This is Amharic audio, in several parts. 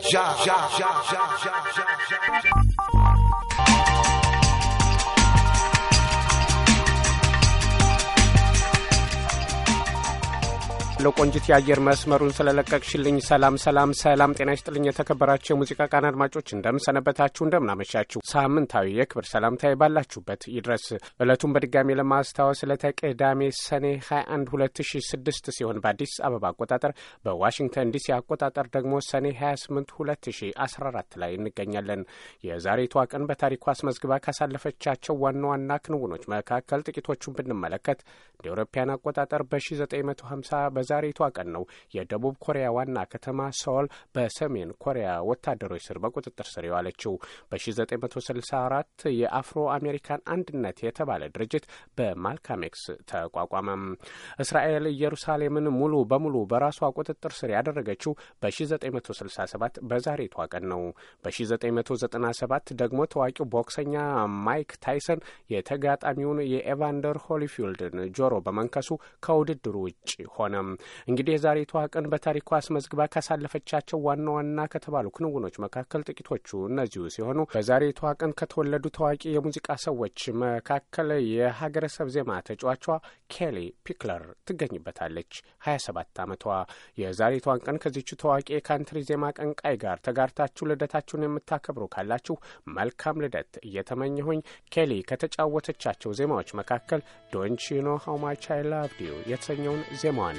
Ja, ja, ja, ja, ja, ja. job, job. አመሰግናለሁ ቆንጂት፣ የአየር መስመሩን ስለለቀቅሽልኝ። ሰላም ሰላም ሰላም፣ ጤና ይስጥልኝ። የተከበራቸው የሙዚቃ ቃና አድማጮች እንደምንሰነበታችሁ፣ እንደምናመሻችሁ። ሳምንታዊ የክብር ሰላምታዊ ባላችሁበት ይድረስ። እለቱን በድጋሚ ለማስታወስ ዕለተ ሰኔ 21 2006 ሲሆን በአዲስ አበባ አቆጣጠር፣ በዋሽንግተን ዲሲ አቆጣጠር ደግሞ ሰኔ 28 2014 ላይ እንገኛለን። የዛሬቷ ቀን በታሪኩ አስመዝግባ ካሳለፈቻቸው ዋና ዋና ክንውኖች መካከል ጥቂቶቹን ብንመለከት እንደ አውሮፓውያን አቆጣጠር በ1950 ዛሬቷ ቀን ነው የደቡብ ኮሪያ ዋና ከተማ ሶል በሰሜን ኮሪያ ወታደሮች ስር በቁጥጥር ስር የዋለችው። በ1964 የአፍሮ አሜሪካን አንድነት የተባለ ድርጅት በማልካሜክስ ተቋቋመ እስራኤል ኢየሩሳሌምን ሙሉ በሙሉ በራሷ ቁጥጥር ስር ያደረገችው በ1967 በዛሬቷ ቀን ነው። በ1997 ደግሞ ታዋቂው ቦክሰኛ ማይክ ታይሰን የተጋጣሚውን የኤቫንደር ሆሊፊልድን ጆሮ በመንከሱ ከውድድሩ ውጭ ሆነም። እንግዲህ የዛሬቷ ቀን በታሪኳ አስመዝግባ ካሳለፈቻቸው ዋና ዋና ከተባሉ ክንውኖች መካከል ጥቂቶቹ እነዚሁ ሲሆኑ በዛሬቷ ቀን ከተወለዱ ታዋቂ የሙዚቃ ሰዎች መካከል የሀገረሰብ ዜማ ተጫዋቿ ኬሊ ፒክለር ትገኝበታለች። 27 ዓመቷ የዛሬቷን ቀን ከዚቹ ታዋቂ የካንትሪ ዜማ ቀንቃይ ጋር ተጋርታችሁ ልደታችሁን የምታከብሩ ካላችሁ መልካም ልደት እየተመኘሁኝ ኬሊ ከተጫወተቻቸው ዜማዎች መካከል ዶንቺኖ ኖ አይ ላቭድ ዩ የተሰኘውን ዜማዋን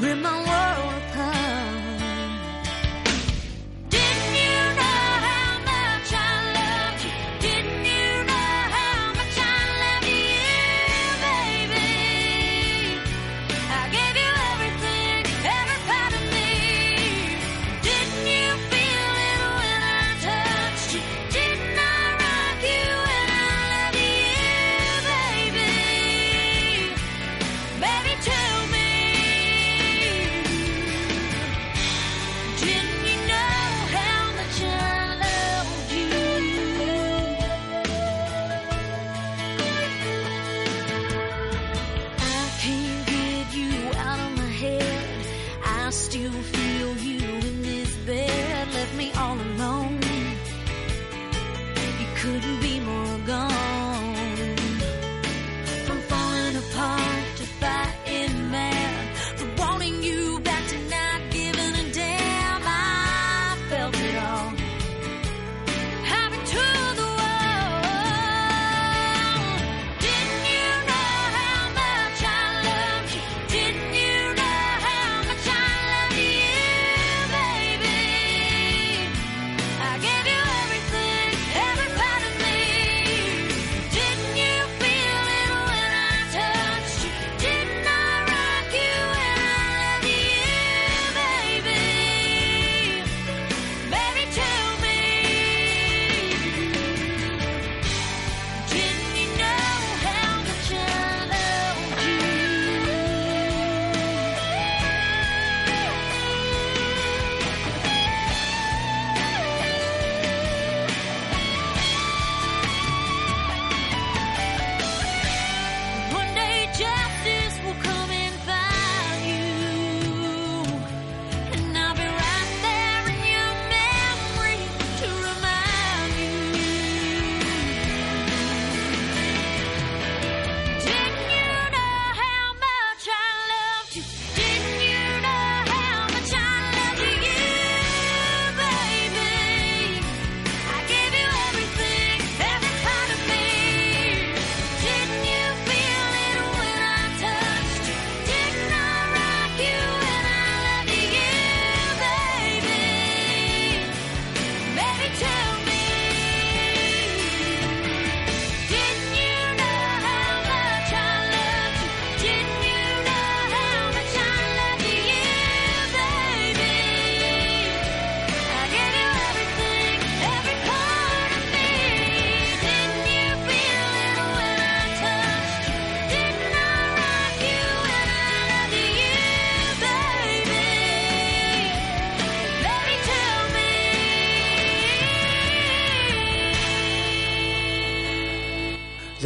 rip my world apart.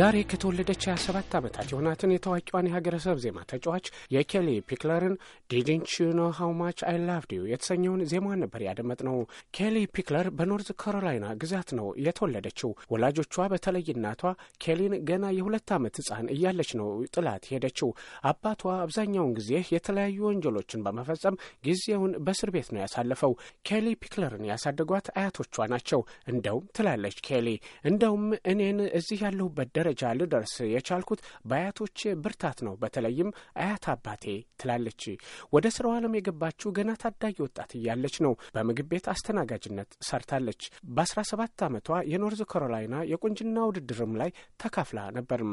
ዛሬ ከተወለደች 27 ዓመታት የሆናትን የታዋቂዋን የሀገረሰብ ዜማ ተጫዋች የኬሊ ፒክለርን ዲዲንች ኖ ሃው ማች አይ ላቭድ ዩ የተሰኘውን ዜማዋን ነበር ያደመጥነው። ኬሊ ፒክለር በኖርዝ ካሮላይና ግዛት ነው የተወለደችው። ወላጆቿ በተለይ እናቷ ኬሊን ገና የሁለት ዓመት ሕፃን እያለች ነው ጥላት ሄደችው። አባቷ አብዛኛውን ጊዜ የተለያዩ ወንጀሎችን በመፈጸም ጊዜውን በእስር ቤት ነው ያሳለፈው። ኬሊ ፒክለርን ያሳደጓት አያቶቿ ናቸው። እንደውም ትላለች ኬሊ እንደውም እኔን እዚህ ያለሁበት ደረ ደረጃ ልደርስ የቻልኩት በአያቶቼ ብርታት ነው፣ በተለይም አያት አባቴ ትላለች። ወደ ስራው ዓለም የገባችው ገና ታዳጊ ወጣት እያለች ነው። በምግብ ቤት አስተናጋጅነት ሰርታለች። በአስራ ሰባት ዓመቷ የኖርዝ ካሮላይና የቁንጅና ውድድርም ላይ ተካፍላ ነበርም።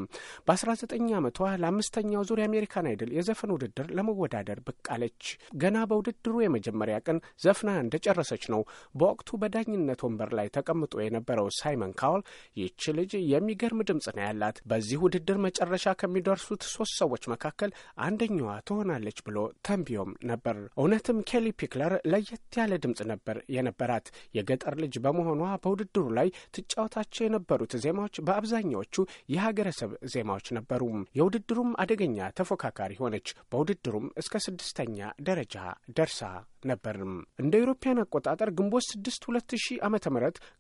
በአስራ ዘጠኝ ዓመቷ ለአምስተኛው ዙር የአሜሪካን አይድል የዘፈን ውድድር ለመወዳደር ብቅ አለች። ገና በውድድሩ የመጀመሪያ ቀን ዘፍና እንደጨረሰች ነው በወቅቱ በዳኝነት ወንበር ላይ ተቀምጦ የነበረው ሳይመን ካውል ይች ልጅ የሚገርም ድምጽ ነው ያላት በዚህ ውድድር መጨረሻ ከሚደርሱት ሶስት ሰዎች መካከል አንደኛዋ ትሆናለች ብሎ ተንብዮም ነበር። እውነትም ኬሊ ፒክለር ለየት ያለ ድምፅ ነበር የነበራት። የገጠር ልጅ በመሆኗ በውድድሩ ላይ ትጫወታቸው የነበሩት ዜማዎች በአብዛኛዎቹ የሀገረሰብ ዜማዎች ነበሩ። የውድድሩም አደገኛ ተፎካካሪ ሆነች። በውድድሩም እስከ ስድስተኛ ደረጃ ደርሳ ነበርም። እንደ ኢሮፓያን አቆጣጠር ግንቦት ስድስት ሁለት ሺህ ዓመተ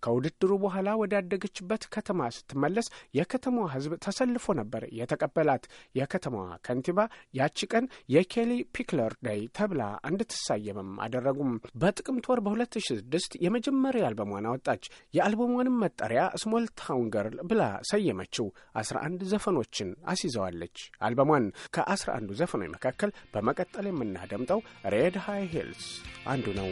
ከውድድሩ በኋላ ወዳደገችበት ከተማ ስትመለስ የከተ የከተማዋ ህዝብ ተሰልፎ ነበር የተቀበላት። የከተማዋ ከንቲባ ያቺ ቀን የኬሊ ፒክለር ደይ ተብላ እንድትሳየምም አደረጉም። በጥቅምት ወር በ2006 የመጀመሪያ አልበሟን አወጣች። የአልበሟንም መጠሪያ ስሞል ታውን ገርል ብላ ሰየመችው። 11 ዘፈኖችን አስይዘዋለች። አልበሟን ከ11ዱ ዘፈኖች መካከል በመቀጠል የምናደምጠው ሬድ ሃይ ሂልስ አንዱ ነው።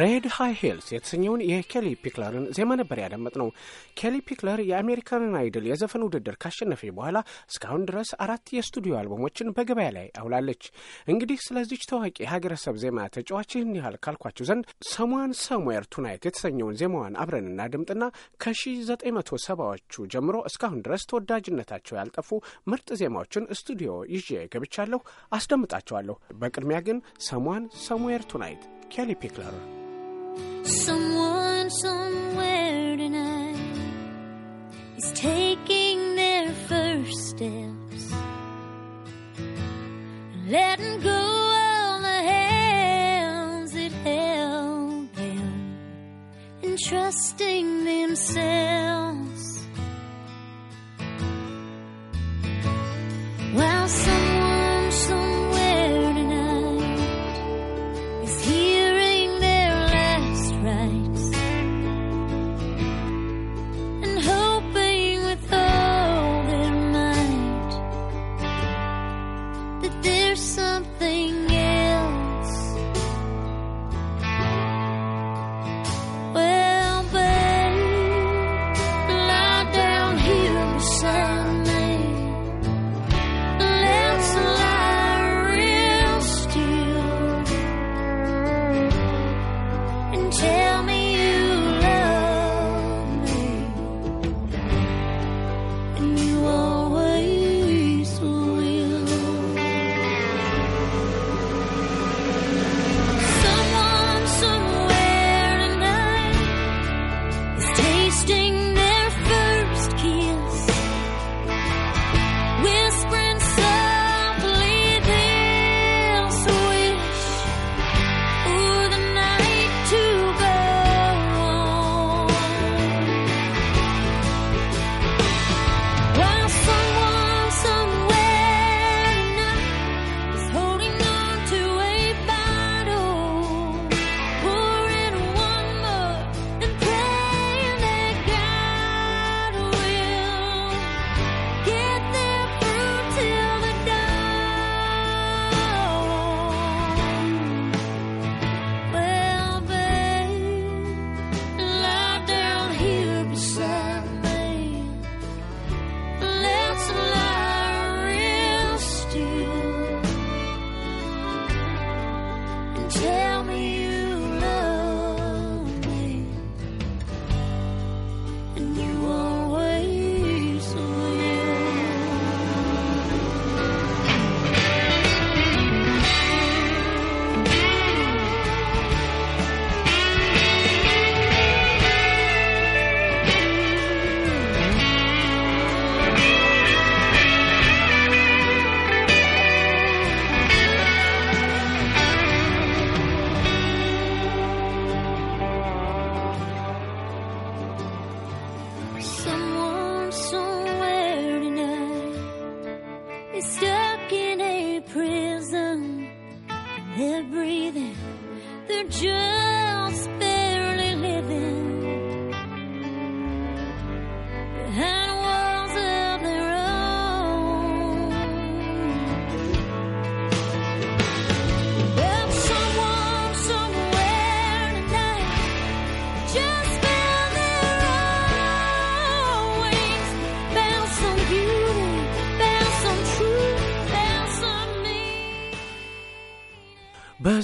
ሬድ ሃይ ሂልስ የተሰኘውን የኬሊ ፒክለርን ዜማ ነበር ያደመጥ ነው። ኬሊ ፒክለር የአሜሪካንን አይድል የዘፈን ውድድር ካሸነፈ በኋላ እስካሁን ድረስ አራት የስቱዲዮ አልበሞችን በገበያ ላይ አውላለች። እንግዲህ ስለዚች ታዋቂ የሀገረሰብ ዜማ ተጫዋች ይህን ያህል ካልኳችሁ ዘንድ ሰሟን ሰሙዌር ቱናይት የተሰኘውን ዜማዋን አብረንና ድምጥና ከ 1970 ሰባዎቹ ጀምሮ እስካሁን ድረስ ተወዳጅነታቸው ያልጠፉ ምርጥ ዜማዎችን ስቱዲዮ ይዤ ገብቻለሁ። አስደምጣቸዋለሁ። በቅድሚያ ግን ሰሟን ሰሙዌር ቱናይት Kelly Pickler. Someone somewhere tonight is taking their first steps, letting go of the hands that held them, and trusting themselves.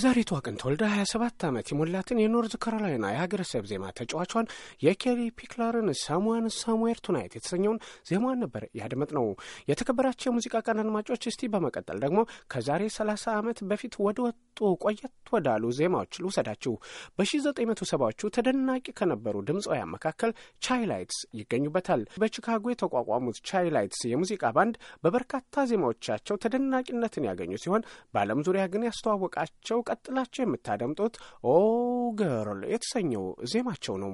በዛሬቱ ቀን ተወልዳ 27 ዓመት የሞላትን የኖርዝ ካሮላይና የሀገረሰብ ዜማ ተጫዋቿን የኬሪ ፒክለርን ሳሙዋን ሳሙዌር ቱናይት የተሰኘውን ዜማዋን ነበር ያድመጥ ነው። የተከበራቸው የሙዚቃ ቀን አድማጮች፣ እስቲ በመቀጠል ደግሞ ከዛሬ 30 ዓመት በፊት ወደ ወጡ ቆየት ወዳሉ ዜማዎች ልውሰዳችሁ። በ1970ዎቹ ተደናቂ ከነበሩ ድምፃውያን መካከል ቻይላይትስ ይገኙበታል። በቺካጎ የተቋቋሙት ቻይላይትስ የሙዚቃ ባንድ በበርካታ ዜማዎቻቸው ተደናቂነትን ያገኙ ሲሆን በዓለም ዙሪያ ግን ያስተዋወቃቸው ቀጥላቸው የምታደምጡት ኦ ገርል የተሰኘው ዜማቸው ነው።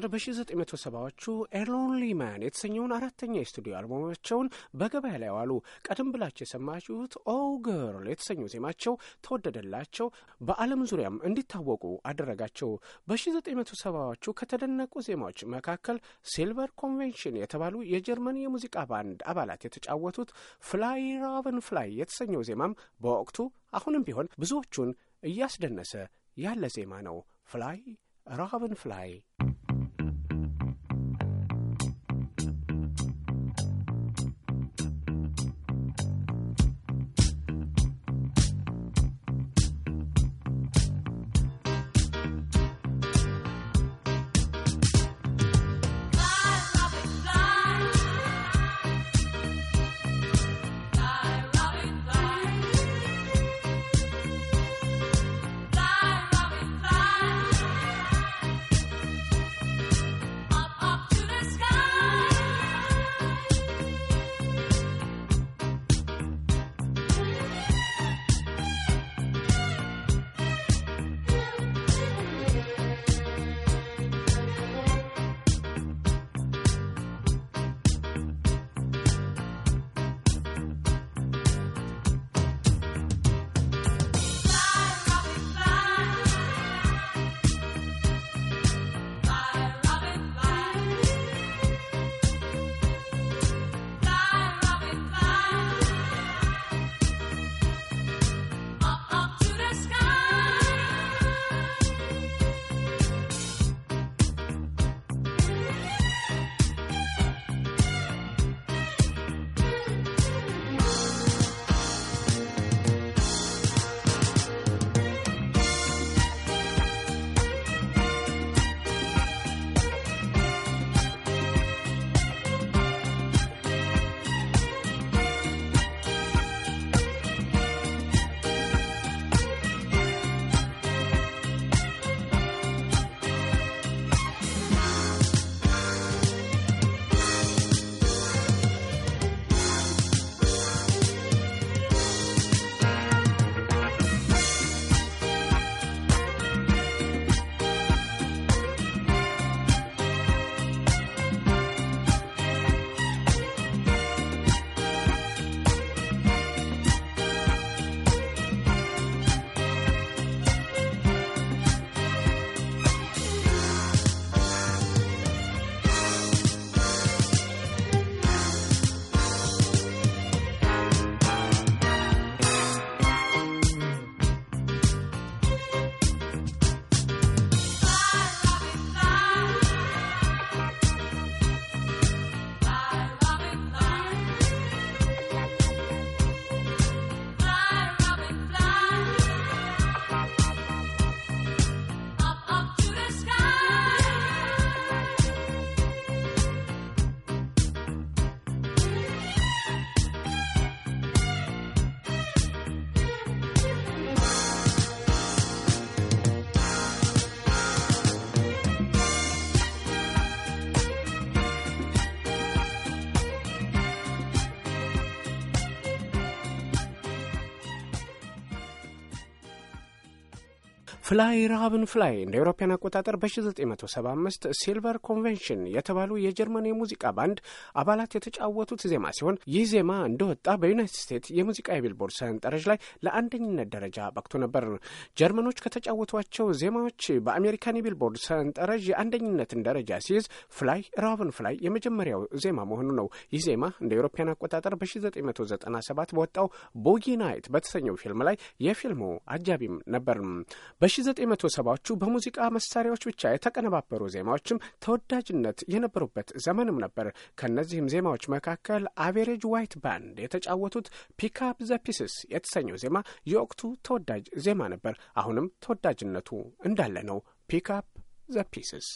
ቁጥር በ1970ዎቹ ኤሎንሊ ማን የተሰኘውን አራተኛ የስቱዲዮ አልበማቸውን በገበያ ላይ ዋሉ። ቀደም ብላቸው የሰማችሁት ኦ ገርል የተሰኘው ዜማቸው ተወደደላቸው፣ በዓለም ዙሪያም እንዲታወቁ አደረጋቸው። በ1970ዎቹ ከተደነቁ ዜማዎች መካከል ሲልቨር ኮንቬንሽን የተባሉ የጀርመን የሙዚቃ ባንድ አባላት የተጫወቱት ፍላይ ራቨን ፍላይ የተሰኘው ዜማም በወቅቱ አሁንም ቢሆን ብዙዎቹን እያስደነሰ ያለ ዜማ ነው። ፍላይ ራቨን ፍላይ ፍላይ ረሃብን ፍላይ እንደ አውሮፓውያን አቆጣጠር በ1975 ሲልቨር ኮንቬንሽን የተባሉ የጀርመን የሙዚቃ ባንድ አባላት የተጫወቱት ዜማ ሲሆን ይህ ዜማ እንደወጣ በዩናይትድ ስቴትስ የሙዚቃ የቢልቦርድ ሰንጠረዥ ላይ ለአንደኝነት ደረጃ በቅቶ ነበር። ጀርመኖች ከተጫወቷቸው ዜማዎች በአሜሪካን የቢልቦርድ ሰንጠረዥ የአንደኝነትን ደረጃ ሲይዝ ፍላይ ረሃብን ፍላይ የመጀመሪያው ዜማ መሆኑ ነው። ይህ ዜማ እንደ አውሮፓውያን አቆጣጠር በ1997 በወጣው ቦጊ ናይት በተሰኘው ፊልም ላይ የፊልሙ አጃቢም ነበር። በ1970ዎቹ በሙዚቃ መሳሪያዎች ብቻ የተቀነባበሩ ዜማዎችም ተወዳጅነት የነበሩበት ዘመንም ነበር። ከእነዚህም ዜማዎች መካከል አቬሬጅ ዋይት ባንድ የተጫወቱት ፒካፕ ዘ ፒስስ የተሰኘው ዜማ የወቅቱ ተወዳጅ ዜማ ነበር። አሁንም ተወዳጅነቱ እንዳለ ነው። ፒካፕ ዘ ፒስስ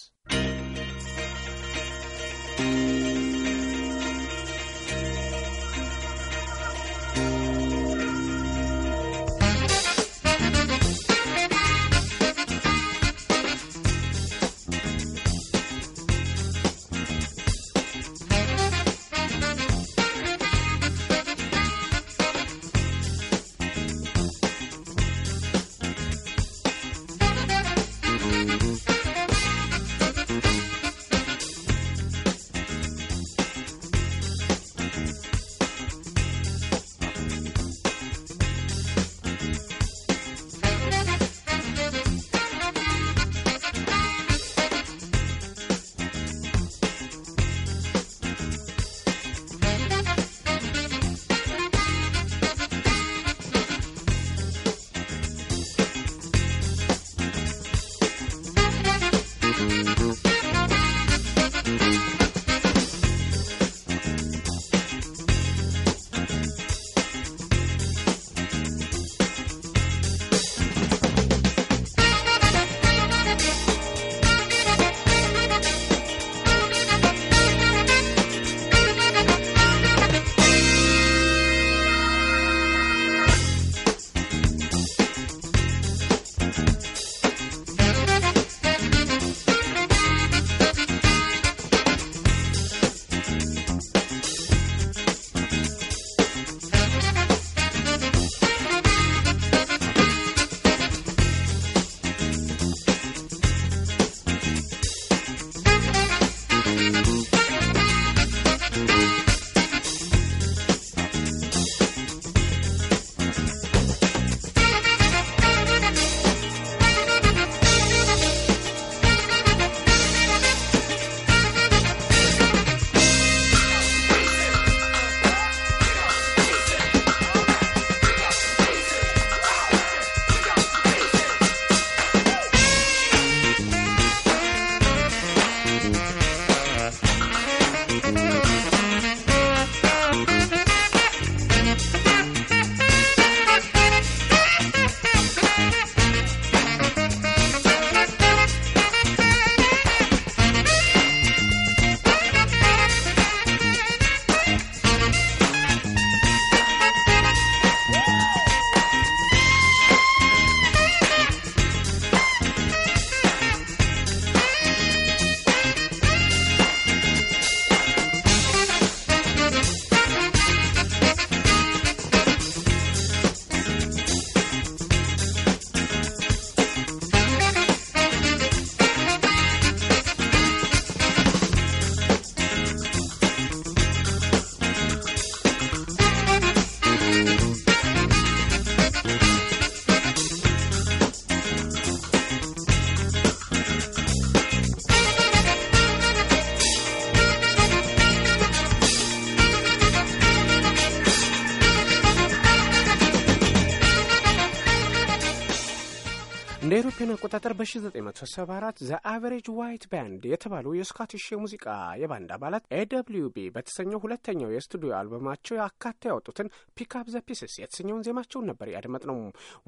አቆጣጠር በ1974 ዘ አቨሬጅ ዋይት ባንድ የተባሉ የስካቲሽ የሙዚቃ የባንድ አባላት ኤደብሊው በተሰኘው ሁለተኛው የስቱዲዮ አልበማቸው አካተው ያወጡትን ፒክአፕ ዘ ፒስስ የተሰኘውን ዜማቸውን ነበር ያደመጥ ነው።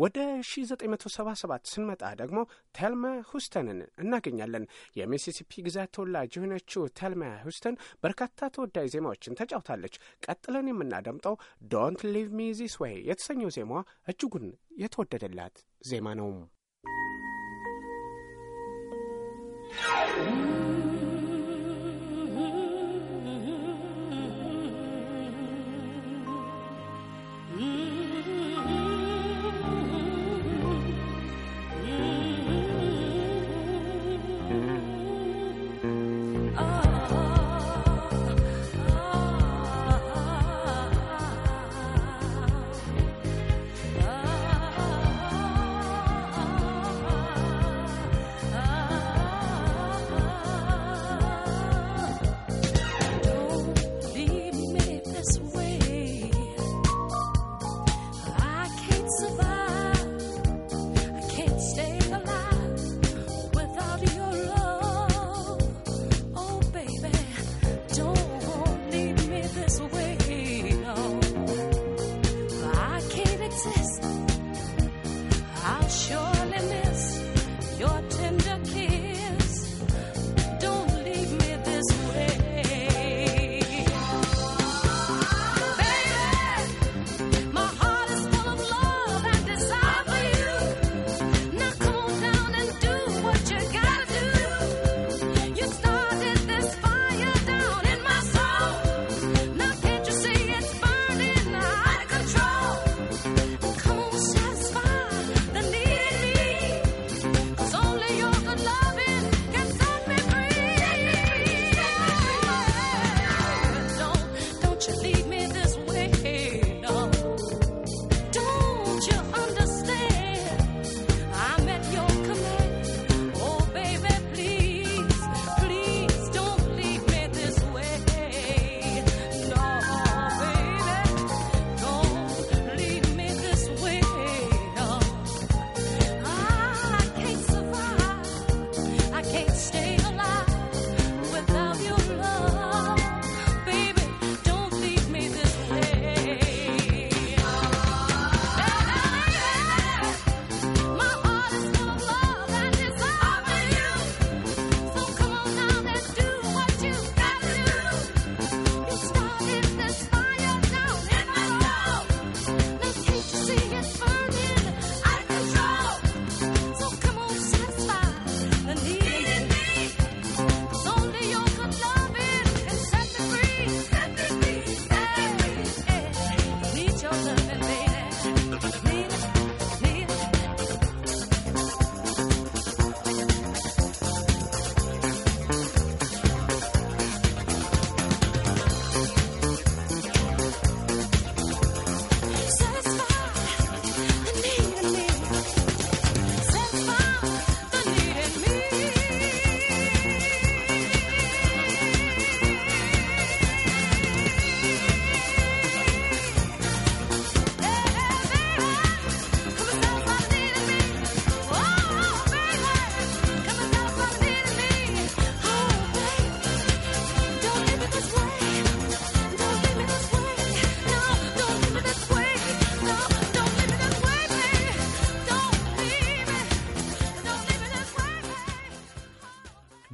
ወደ 1977 ስንመጣ ደግሞ ተልማ ሁስተንን እናገኛለን። የሚሲሲፒ ግዛት ተወላጅ የሆነችው ተልማ ሁስተን በርካታ ተወዳጅ ዜማዎችን ተጫውታለች። ቀጥለን የምናደምጠው ዶንት ሊቭ ሚ ዚስ ወይ የተሰኘው ዜማዋ እጅጉን የተወደደላት ዜማ ነው። うん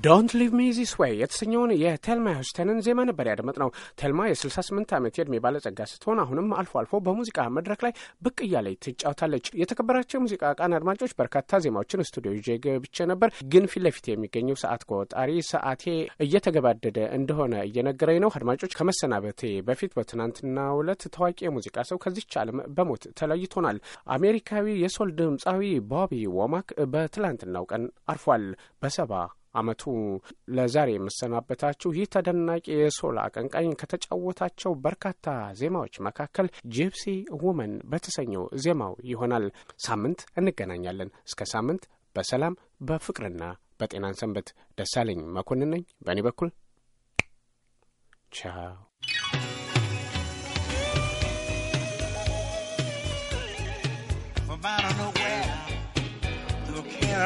ዶንት ሊቭ ሚ ዚስ ዌይ የተሰኘውን የቴልማ ሁስተንን ዜማ ነበር ያደመጥ ነው። ቴልማ የ68 ዓመት የእድሜ ባለጸጋ ስትሆን አሁንም አልፎ አልፎ በሙዚቃ መድረክ ላይ ብቅ እያለች ትጫወታለች። የተከበራቸው የሙዚቃ ቃን አድማጮች በርካታ ዜማዎችን ስቱዲዮ ይዤ ገብቼ ነበር፣ ግን ፊት ለፊት የሚገኘው ሰዓት ቆጣሪ ሰዓቴ እየተገባደደ እንደሆነ እየነገረኝ ነው። አድማጮች ከመሰናበቴ በፊት በትናንትናው ዕለት ታዋቂ የሙዚቃ ሰው ከዚች ዓለም በሞት ተለይቶናል። አሜሪካዊ የሶል ድምፃዊ ቦቢ ወማክ በትላንትናው ቀን አርፏል በሰባ አመቱ ለዛሬ የምሰናበታችሁ ይህ ተደናቂ የሶል አቀንቃኝ ከተጫወታቸው በርካታ ዜማዎች መካከል ጂፕሲ ውመን በተሰኘው ዜማው ይሆናል። ሳምንት እንገናኛለን። እስከ ሳምንት በሰላም በፍቅርና በጤናን ሰንበት። ደሳለኝ መኮንን ነኝ። በእኔ በኩል ቻው።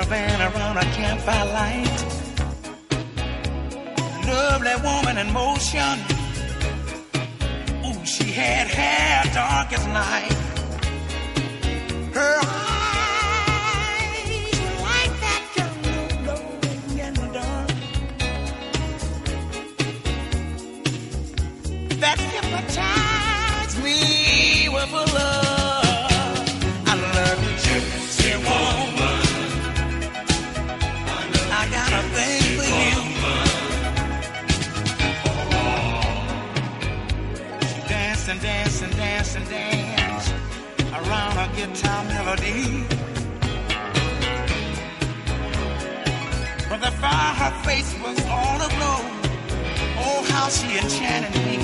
caravan around a campfire light. Lovely woman in motion. Ooh, she had hair dark as night. Her eyes were like that kind glowing in the dark. That hypnotized me with a love. to dance around a guitar melody. But the fire her face was all aglow. Oh, how she enchanted me.